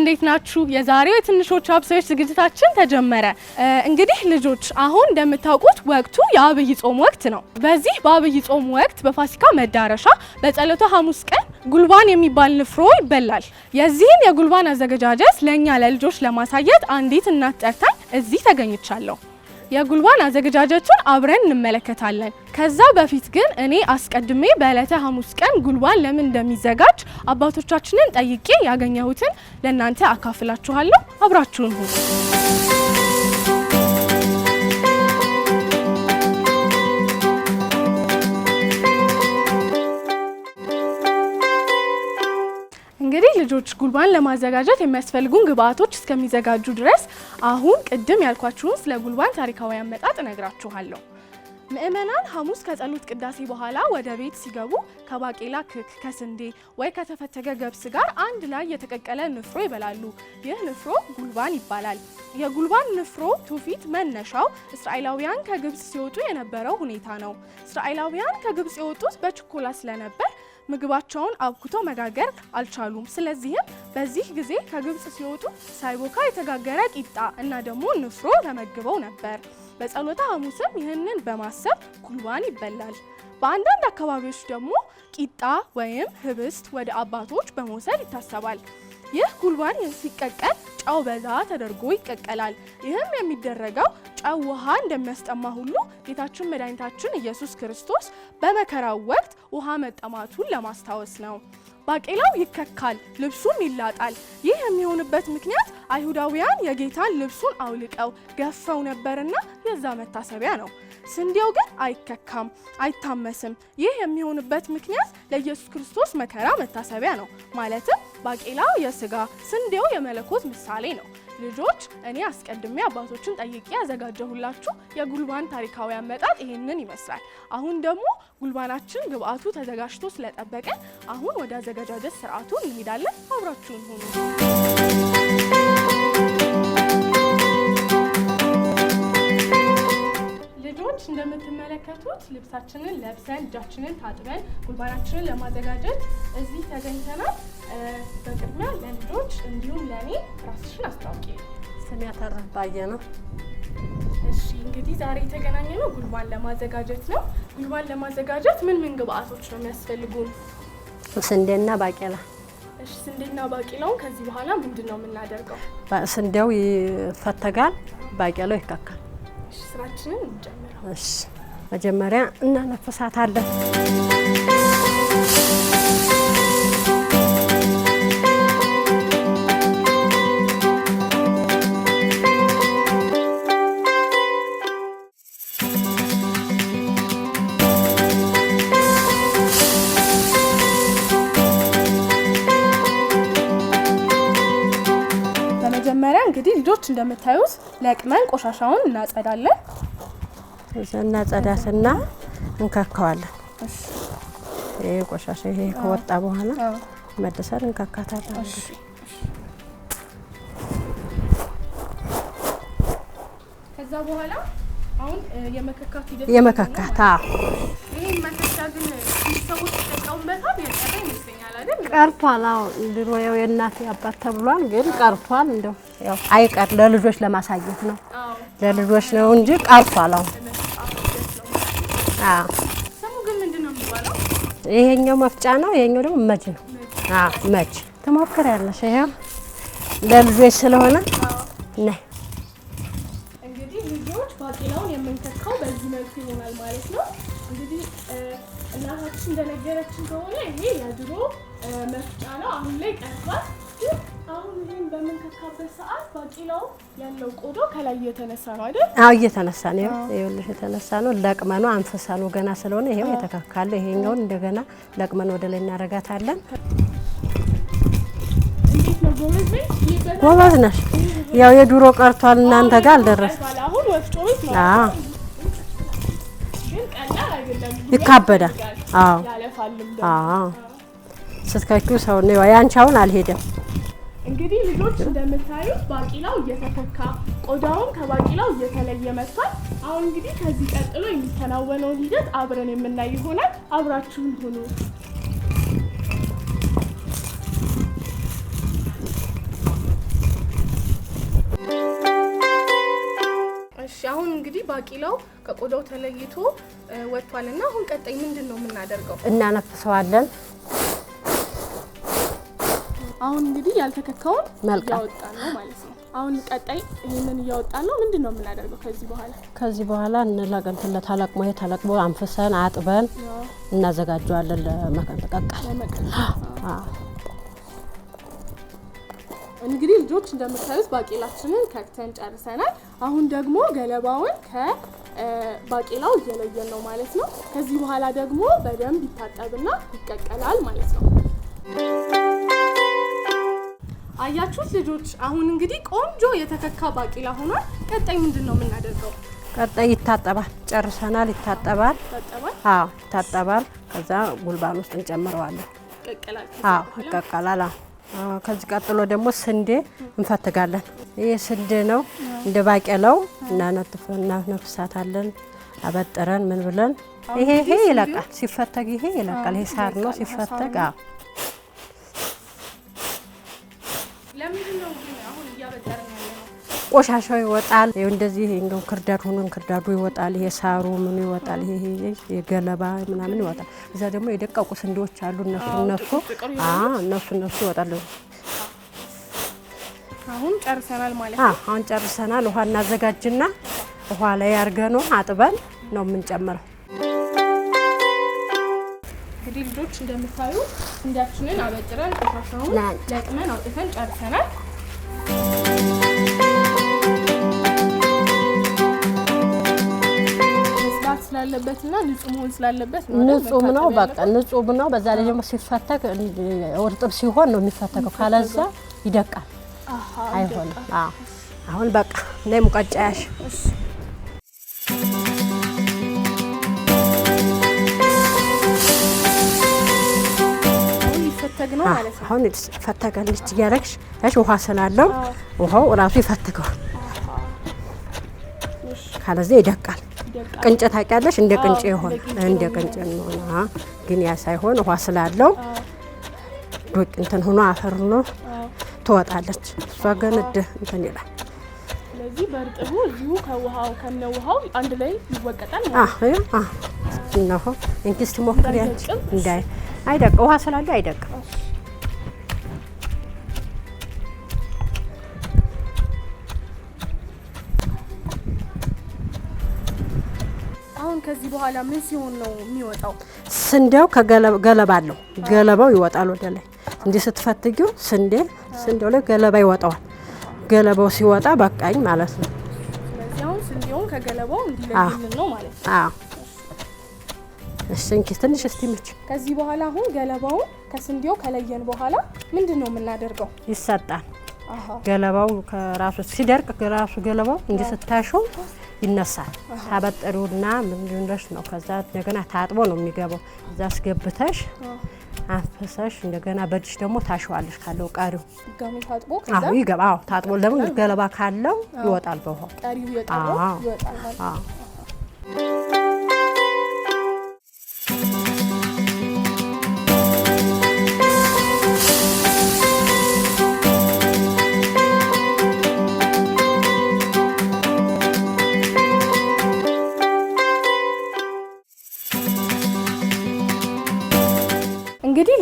እንዴት ናችሁ? የዛሬው የትንሾቹ አብሳዮች ዝግጅታችን ተጀመረ። እንግዲህ ልጆች አሁን እንደምታውቁት ወቅቱ የአብይ ጾም ወቅት ነው። በዚህ በአብይ ጾም ወቅት በፋሲካ መዳረሻ በጸሎተ ሐሙስ ቀን ጉልባን የሚባል ንፍሮ ይበላል። የዚህን የጉልባን አዘገጃጀት ለእኛ ለልጆች ለማሳየት አንዲት እናት ጠርታኝ እዚህ ተገኝቻለሁ። የጉልባን አዘገጃጀቱን አብረን እንመለከታለን። ከዛ በፊት ግን እኔ አስቀድሜ በዕለተ ሐሙስ ቀን ጉልባን ለምን እንደሚዘጋጅ አባቶቻችንን ጠይቄ ያገኘሁትን ለእናንተ አካፍላችኋለሁ። አብራችሁን ሁኑ። እንግዲህ ልጆች ጉልባን ለማዘጋጀት የሚያስፈልጉን ግብአቶች እስከሚዘጋጁ ድረስ አሁን ቅድም ያልኳችሁን ስለ ጉልባን ታሪካዊ አመጣጥ እነግራችኋለሁ። ምእመናን ሐሙስ ከጸሎት ቅዳሴ በኋላ ወደ ቤት ሲገቡ ከባቄላ ክክ ከስንዴ ወይ ከተፈተገ ገብስ ጋር አንድ ላይ የተቀቀለ ንፍሮ ይበላሉ። ይህ ንፍሮ ጉልባን ይባላል። የጉልባን ንፍሮ ትውፊት መነሻው እስራኤላውያን ከግብፅ ሲወጡ የነበረው ሁኔታ ነው። እስራኤላውያን ከግብፅ የወጡት በችኮላ ስለነበር ምግባቸውን አብኩተው መጋገር አልቻሉም። ስለዚህም በዚህ ጊዜ ከግብፅ ሲወጡ ሳይቦካ የተጋገረ ቂጣ እና ደግሞ ንፍሮ ተመግበው ነበር። በጸሎተ ሐሙስም ይህንን በማሰብ ኩርባን ይበላል። በአንዳንድ አካባቢዎች ደግሞ ቂጣ ወይም ህብስት ወደ አባቶች በመውሰድ ይታሰባል። ይህ ጉልባን ሲቀቀል ጨው በዛ ተደርጎ ይቀቀላል። ይህም የሚደረገው ጨው ውሃ እንደሚያስጠማ ሁሉ ጌታችን መድኃኒታችን ኢየሱስ ክርስቶስ በመከራው ወቅት ውሃ መጠማቱን ለማስታወስ ነው። ባቄላው ይከካል፣ ልብሱም ይላጣል። ይህ የሚሆንበት ምክንያት አይሁዳውያን የጌታን ልብሱን አውልቀው ገፈው ነበርና የዛ መታሰቢያ ነው። ስንዴው ግን አይከካም፣ አይታመስም። ይህ የሚሆንበት ምክንያት ለኢየሱስ ክርስቶስ መከራ መታሰቢያ ነው። ማለትም ባቄላው የስጋ ስንዴው የመለኮት ምሳሌ ነው። ልጆች እኔ አስቀድሜ አባቶችን ጠይቄ ያዘጋጀሁላችሁ የጉልባን ታሪካዊ አመጣጥ ይሄንን ይመስላል። አሁን ደግሞ ጉልባናችን ግብአቱ ተዘጋጅቶ ስለጠበቀን አሁን ወደ አዘገጃጀት ስርዓቱ እንሄዳለን። አብራችሁን ሆኑ። ሴቶች እንደምትመለከቱት ልብሳችንን ለብሰን እጃችንን ታጥበን ጉልባናችንን ለማዘጋጀት እዚህ ተገኝተናል። በቅድሚያ ለልጆች እንዲሁም ለእኔ ራስሽን አስታውቂ። ስሜ አተረፍ ባየ ነው። እሺ እንግዲህ ዛሬ የተገናኘ ነው ጉልባን ለማዘጋጀት ነው። ጉልባን ለማዘጋጀት ምን ምን ግብአቶች ነው የሚያስፈልጉን? ስንዴና ባቄላ ስንዴና ባቄላውን ከዚህ በኋላ ምንድን ነው የምናደርገው? ስንዴው ይፈተጋል፣ ባቄላው ይካከል? ስራችንን እንጀምረው። መጀመሪያ እናነፍሳታለን። እንደምታዩት ለቅመን ቆሻሻውን እናጸዳለን። እናጸዳትና እንከካዋለን። ይሄ ቆሻሻ ይሄ ከወጣ በኋላ መልሰን እንከካታለን። ከዛ በኋላ አሁን የመከካት ሂደት የመከካታ ይሄን መከካ ግን ሰዎች ይጠቀሙበታል ያጠረ ይመስለኛል አይደል? ቀርቷል። አዎ ድሮ የእናት አባት ተብሏል፣ ግን ቀርቷል እንደው አይቀር ለልጆች ለማሳየት ነው ለልጆች ነው እንጂ ቀርቷል። አዎ ይሄኛው መፍጫ ነው። ይሄኛው ደግሞ መጅ ነው። አዎ መጅ ትሞክሪያለሽ። ይሄው ለልጆች ስለሆነ ነይ እንግዲህ ልጆች ባቄላውን የምንተካው በዚህ መልኩ ይሆናል ማለት ነው። እንግዲህ እናታችን እንደነገረችን ከሆነ ይሄ የድሮ መፍጫ ነው። አሁን ላይ ቀርቷል። አሁን ይሄን በምንከካበት ሰዓት ባቂላው ያለው ቆዳ ከላይ እየተነሳ ነው አይደል? አዎ እየተነሳ ነው። ይኸውልሽ የተነሳ ነው። ለቅመኑ አንፍሳ ነው ገና ስለሆነ ይሄው የተካካለ። ይሄኛውን እንደገና ለቅመን ወደ ላይ እናደርጋታለን። ጎበዝ ነሽ። ያው የድሮ ቀርቷል፣ እናንተ ጋር አልደረሰም። ይካበዳል። አዎ አዎ ስትከኪው ሰው ነው ያንቻውን አልሄደም እንግዲህ ልጆች እንደምታዩት ባቂላው እየተፈካ ቆዳውም ከባቂላው እየተለየ መጥቷል። አሁን እንግዲህ ከዚህ ቀጥሎ የሚከናወነውን ሂደት አብረን የምናይ ይሆናል። አብራችሁን ሁኑ። እሺ አሁን እንግዲህ ባቂላው ከቆዳው ተለይቶ ወጥቷል እና አሁን ቀጣይ ምንድን ነው የምናደርገው? እናነፍሰዋለን። አሁን እንግዲህ ያልተከካውን እያወጣን ነው ማለት ነው። አሁን ቀጣይ ይህንን እያወጣ ነው። ምንድን ነው የምናደርገው ከዚህ በኋላ? ከዚህ በኋላ እንላቀንትን ለታላቅሞ ታላቅሞ አንፍሰን አጥበን እናዘጋጀዋለን ለመቀቀል። እንግዲህ ልጆች እንደምታዩት ባቄላችንን ከክተን ጨርሰናል። አሁን ደግሞ ገለባውን ከባቄላው እየለየን ነው ማለት ነው። ከዚህ በኋላ ደግሞ በደንብ ይታጠብና ይቀቀላል ማለት ነው። አያችሁት ልጆች፣ አሁን እንግዲህ ቆንጆ የተከካ ባቂላ ሆኗል። ቀጣይ ምንድን ነው የምናደርገው? ቀጣይ ይታጠባል። ጨርሰናል። ይታጠባል። አዎ ይታጠባል። ከዛ ጉልባን ውስጥ እንጨምረዋለን። አዎ ይቀቀላል። ከዚህ ቀጥሎ ደግሞ ስንዴ እንፈትጋለን። ይህ ስንዴ ነው። እንደ ባቄላው እናነፍሳታለን። አበጥረን ምን ብለን ይሄ ይሄ ይለቃል። ሲፈተግ ይሄ ይለቃል። ይሄ ሳር ነው ሲፈተግ ቆሻሻው ይወጣል። እንደዚህ እንደው ክርዳድ ሆኖ ክርዳዱ ይወጣል። ይሄ ሳሩ ምኑ ይወጣል። ይሄ የገለባ ምናምን ይወጣል። እዛ ደግሞ የደቀቁ ስንዴዎች አሉ። እነሱ እነሱ እነሱ እነሱ ይወጣሉ። አሁን ጨርሰናል ማለት ነው። አሁን ጨርሰናል። ውሃ እናዘጋጅና ውሃ ላይ አድርገን አጥበን ነው የምንጨምረው። እንግዲህ ልጆች እንደምታዩ ስንዴያችንን አበጥረን ቆሻሻውን ለቅመን አውጥተን ጨርሰናል። ስላለበት ንጹህ መሆን ስላለበት ንጹህ ነው። በቃ ንጹህ ነው። በዛ ላይ ደግሞ እርጥብ ሲሆን ነው የሚፈተገው ካለዛ ይደቃል፣ አይሆንም። አሁን በቃ ናይ ሙቀጫያሽ አሁን ፈተገን ውሃ ስላለው ውሃው እራሱ ይፈትገዋል፣ ይደቃል። ቅንጭ ታውቂያለሽ? እንደ ቅንጭ ይሆን እንደ ቅንጭ ነው። ግን ያ ሳይሆን ውሃ ስላለው ዱቅ እንትን ሆኖ አፈር ሆኖ ትወጣለች። እሷ ግን እድ እንትን ይላል። ስለዚህ በርጥቡ እዚሁ ከውሃው ከነውሃው አንድ ላይ ይወቀጣል ማለት ነው። እንግስት ሞክሪያች እንዳይ አይደቅ ውሃ ስላለው አይደቅም። አሁን ከዚህ በኋላ ምን ሲሆን ነው የሚወጣው? ስንዴው ከገለባ አለው። ገለባው ይወጣል ወደ ላይ እንዲህ ስትፈትጊው ስንዴ ስንዴው ላይ ገለባ ይወጣዋል። ገለባው ሲወጣ በቃኝ ማለት ነው። ስለዚህ ትንሽ እስቲ ምች ከዚህ በኋላ አሁን ገለባውን ከስንዴው ከለየን በኋላ ምንድን ነው የምናደርገው? ይሰጣል። ገለባው ከራሱ ሲደርቅ ራሱ ገለባው እንዲህ ስታሹ ይነሳል። ምን ምንድነሽ ነው ከዛ እንደገና ታጥቦ ነው የሚገባው። እዛ አስገብተሽ አንፍሰሽ እንደገና በእጅሽ ደግሞ ታሸዋለሽ። ካለው ቀሪው አዎ ይገባ። ታጥቦ ለምን ገለባ ካለው ይወጣል በውሃ ቀሪው ይወጣል።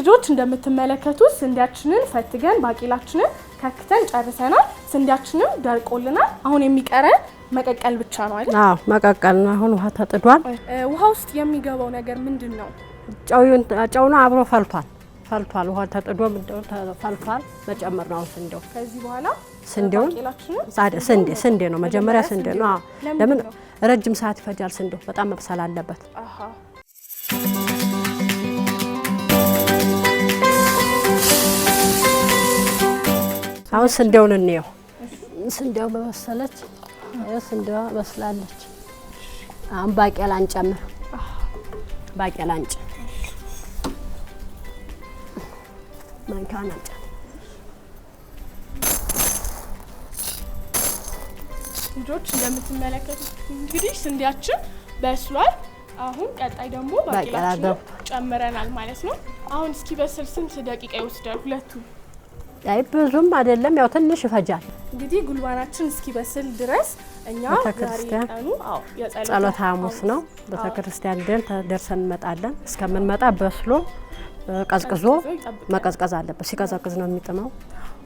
ልጆች እንደምትመለከቱት ስንዴያችንን ፈትገን ባቂላችንን ከክተን ጨርሰናል። ስንዴያችንም ደርቆልናል። አሁን የሚቀረን መቀቀል ብቻ ነው አይደል? አዎ መቀቀል ነው። አሁን ውሃ ተጥዷል። ውሃ ውስጥ የሚገባው ነገር ምንድን ነው? ጨው ነው አብሮ ፈልቷል። ፈልቷል። ውሃ ተጥዶ ፈልቷል። መጨመር ነው ስንዴው። ከዚህ በኋላ ስንዴውን ስንዴ ነው መጀመሪያ ስንዴ ነው። ለምን ረጅም ሰዓት ይፈጃል? ስንዴው በጣም መብሰል አለበት። አሁን ስንዴውን እንየው። ስንዴው በመሰለች ስንዴዋ በስላለች። አሁን ባቄላ እንጨምር። ባቄላ እንጭ ማንኪያዋን አንጫ። ልጆች እንደምትመለከቱት እንግዲህ ስንዴያችን በስሏል። አሁን ቀጣይ ደግሞ ባቄላችን ጨምረናል ማለት ነው። አሁን እስኪ በስል ስንት ደቂቃ ይወስዳል ሁለቱ? አይ ብዙም አይደለም፣ ያው ትንሽ ይፈጃል። እንግዲህ ጉልባናችን እስኪበስል ድረስ እኛ ቤተክርስቲያን ጸሎት ሐሙስ ነው። ቤተክርስቲያን ደን ደርሰን እንመጣለን። እስከምንመጣ በስሎ ቀዝቅዞ መቀዝቀዝ አለበት። ሲቀዘቅዝ ነው የሚጥመው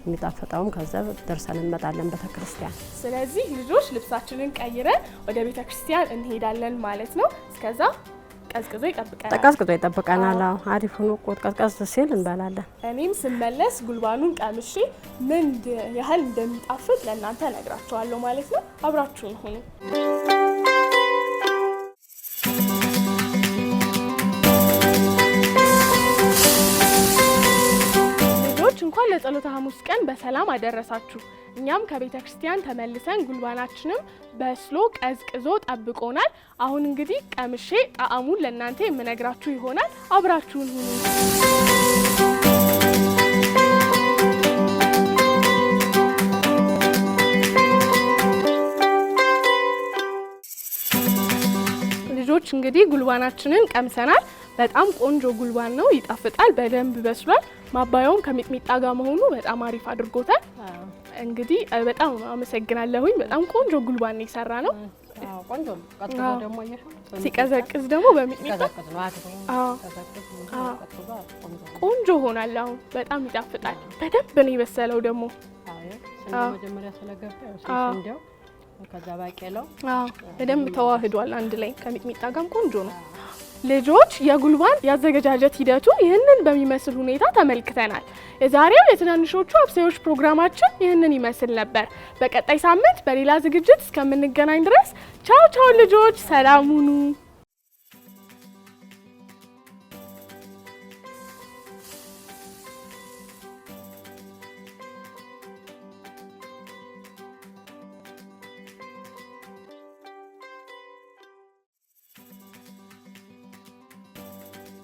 የሚጣፈጠውም። ከዛ ደርሰን እንመጣለን ቤተክርስቲያን። ስለዚህ ልጆች ልብሳችንን ቀይረን ወደ ቤተክርስቲያን እንሄዳለን ማለት ነው እስከዛ ቀዝቅዞ ይጠብቀናል። አሪፍ ሆኖ ቀዝቀዝ ሲል እንበላለን። እኔም ስመለስ ጉልባኑን ቀምሼ ምን ያህል እንደሚጣፍጥ ለእናንተ ነግራችኋለሁ ማለት ነው። አብራችሁን ሁኑ። እንኳን ለጸሎተ ሐሙስ ቀን በሰላም አደረሳችሁ። እኛም ከቤተ ክርስቲያን ተመልሰን ጉልባናችንም በስሎ ቀዝቅዞ ጠብቆናል። አሁን እንግዲህ ቀምሼ ጣዕሙን ለእናንተ የምነግራችሁ ይሆናል። አብራችሁን ሁኑ። ልጆች እንግዲህ ጉልባናችንን ቀምሰናል። በጣም ቆንጆ ጉልባል ነው፣ ይጣፍጣል፣ በደንብ በስሏል። ማባያውም ከሚጥሚጣ ጋር መሆኑ በጣም አሪፍ አድርጎታል። እንግዲህ በጣም አመሰግናለሁኝ። በጣም ቆንጆ ጉልባል ነው የሰራ ነው። ሲቀዘቅዝ ደግሞ በሚጥሚጣ ቆንጆ ሆናል። አሁን በጣም ይጣፍጣል። በደንብ ነው የበሰለው ደግሞ በደንብ ተዋህዷል አንድ ላይ ከሚጥሚጣ ጋርም ቆንጆ ነው። ልጆች የጉልባን የአዘገጃጀት ሂደቱ ይህንን በሚመስል ሁኔታ ተመልክተናል። የዛሬው የትናንሾቹ አብሳዮች ፕሮግራማችን ይህንን ይመስል ነበር። በቀጣይ ሳምንት በሌላ ዝግጅት እስከምንገናኝ ድረስ ቻው ቻው ልጆች፣ ሰላም ሁኑ።